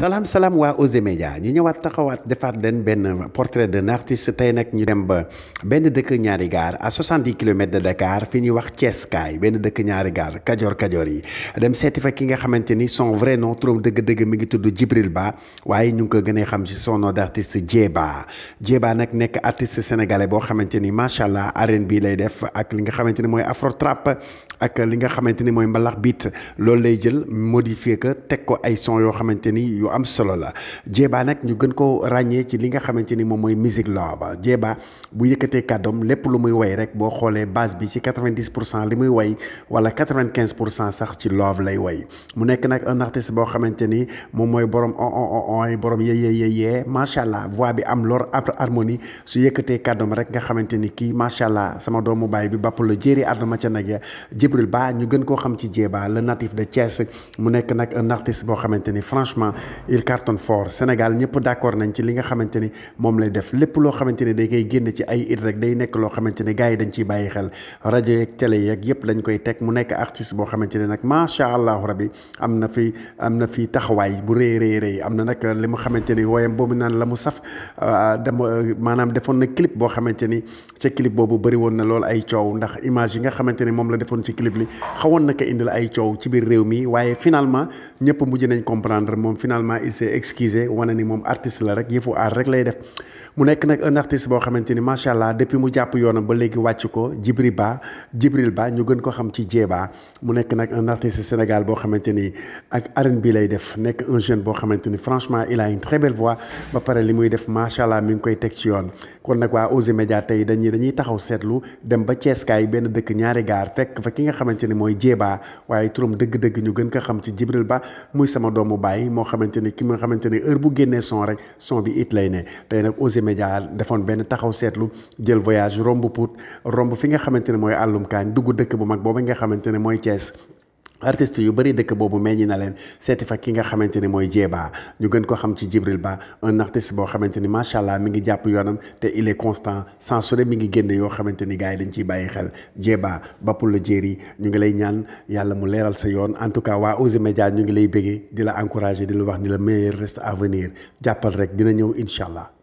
Salam salam wa Oser Média ñu ñëwaat taxawaat defaat leen benn portrait d'un artiste tay nak ñu dem ba benn dëkk ñaari gaar à 70 km de Dakar fi ñu wax Thieskay benn dëkk ñaari gaar Kadior Kadior yi dem séti fa ki nga xamante son vrai nom trop dëgg-dëgg mi ngi tuddu Jibril Ba waye ñu ko gëné xam ci son nom d'artiste Djeba Djeba nak nek artiste sénégalais bo xamante machallah macha arène bi lay def ak li nga xamante moy afro trap ak li nga xamante moy mooy mbalax beat lool lay jël modifier ko tek ko ay son yo xamante ni am solo la Jeeba nag ñu gën koo ràññee ci li nga xamante ni moom mooy musique ba Jeeba bu yëkkatee kàddoom lépp lu muy way rek boo xoolee base bi ci 90 pour cent li muy way wala 95 pour cent sax ci love lay woy mu nekk nag un boo xamante ni moom mooy borom on on on borom yeyeyeyee macha allah voix bi am lor harmonie su yëkkatee kàddoom rek nga xamante ni kii macha allah sama doomu baay bi bàpp la jéeri àdduma ca nag ya Jibril baa ñu gën koo xam ci Jeeba le natif de Thiès mu nekk nag un boo xamante ni franchement. il cartonne fort Sénégal ñëpp d'accord nañ ci li nga xamante ni moom lay def lépp loo xamante ni day koy génn ci ay it rek day nekk loo xamante ni gars yi dañ ciy bàyyi xel rajo yeeg télé yeeg yëpp dañ koy teg mu nekk artiste boo xamante ne nag macha allahu rabi am na fi am na fi taxawaay bu rëy rëy rëy am na nag li mu xamante ni wooyam boobu naan la mu saf ah, dama maanaam defoon na clip boo xamante ni ca clip boobu bëri woon na lool ay coow ndax image yi nga xamante ni moom la defoon ci clip li xawoon na ko indil ay coow ci biir réew mi waaye finalement ñëpp mujj nañ comprendre finalement il s'est excusé wane ni moom artiste la rek yëfu aar rek lay def mu nekk nag un artiste boo xamante ni macha allah depuis mu jàpp yoonam ba léegi wàcc ko Djibril Ba Djibril Ba ñu gën ko xam ci Jeeba mu nekk nag un artiste Sénégal boo xamante ni ak arène bi lay def nekk un boo xamante ni franchement il a une très belle voix ba pare li muy def macha allah mi ngi koy teg ci yoon kon nag waa Oser Média tey dañuy dañuy taxaw seetlu dem ba Thiès benn dëkk ñaari gaar fekk fa ki nga xamante ni mooy Jeeba waaye turam dëgg-dëgg ñu gën ko xam ci Djibril Ba muy sama doomu baay moo xamante te ni ki nga xamante ni heure bu génnee son rek son bi it lay ne tey nag Oser Média defoon benn taxaw seetlu jël voyage romb Pout romb fi nga xamante ne mooy àllum kaañ dugg dëkk bu mag boobu nga xamante ne mooy Thiès artiste yu bëri dëkk boobu meññi na leen seeti fa ki nga xamante mooy Jeeba ñu gën ko xam ci Djibril Ba un artiste boo xamante ni macha allah mi ngi jàpp yoonam te il est constant sans su mi ngi génne yoo xamante ni gars yi dañ ciy bàyyi xel Jeeba Bapula Jéeri ñu ngi lay ñaan yàlla mu leeral sa yoon en tout cas waa Ozimédia ñu ngi lay béggee di la encourager di la wax ni la meilleur reste à venir jàppal rek dina ñëw incha allah.